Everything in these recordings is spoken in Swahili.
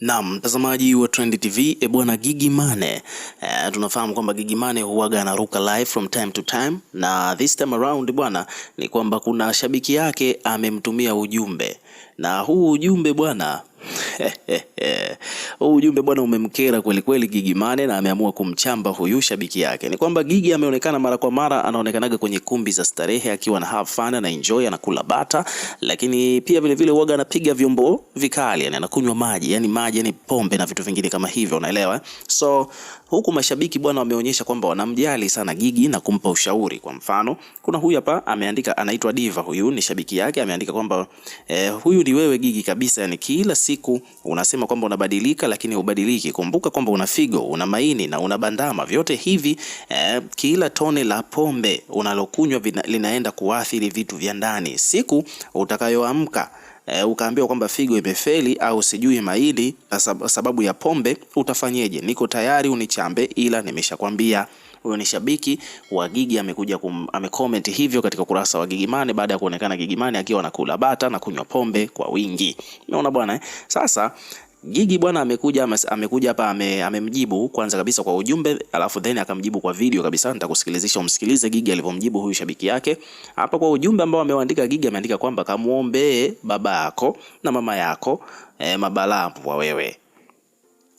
Naam, mtazamaji wa Trend TV, e bwana Gigy Money. E, tunafahamu kwamba Gigy Money huwaga anaruka live from time to time, na this time around bwana ni kwamba kuna shabiki yake amemtumia ujumbe, na huu ujumbe bwana huu ujumbe bwana umemkera kweli kweli Gigy Money, na ameamua kumchamba huyu shabiki yake. Ni kwamba Gigy ameonekana mara kwa mara, anaonekanaga kwenye kumbi za starehe akiwa na have fun, ana enjoy, kula bata, lakini pia vile vile huaga anapiga vyombo vikali, yani anakunywa maji, yani maji, yani pombe na vitu vingine kama hivyo, unaelewa. Eh? So huku mashabiki bwana wameonyesha kwamba wanamjali sana Gigy na kumpa ushauri. Kwa mfano, kuna huyu hapa ameandika, anaitwa Diva, huyu ni shabiki yake, ameandika kwamba eh, huyu ni wewe Gigy kabisa, yani kila siku unasema kwamba unabadilika lakini hubadiliki. Kumbuka kwamba una figo, una maini na una bandama. Vyote hivi eh, kila tone la pombe unalokunywa linaenda kuathiri vitu vya ndani. Siku utakayoamka E, ukaambiwa kwamba figo imefeli au sijui maini sababu ya pombe, utafanyeje? Niko tayari unichambe, ila nimeshakwambia huyo ni shabiki wa Gigi amekuja amecomment hivyo katika ukurasa wa Gigimane baada ya kuonekana Gigimane akiwa anakula bata na kunywa pombe kwa wingi. Unaona bwana eh? Sasa Gigi bwana amekuja amekuja hapa amemjibu ame kwanza kabisa kwa ujumbe, alafu then akamjibu kwa video kabisa. Nitakusikilizisha umsikilize Gigi alivyomjibu huyu shabiki yake hapa kwa ujumbe ambao ameandika. Gigi ameandika kwamba kamuombee baba yako na mama yako eh, mabalaa wa wewe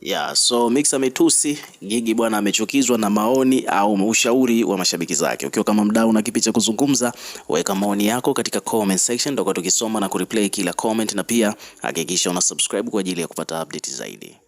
Yeah, so Mixx ametusi Gigi bwana, amechukizwa na maoni au ushauri wa mashabiki zake. Ukiwa kama mdau na kipi cha kuzungumza, weka maoni yako katika comment section, tutakuwa tukisoma na kureplay kila comment, na pia hakikisha una subscribe kwa ajili ya kupata update zaidi.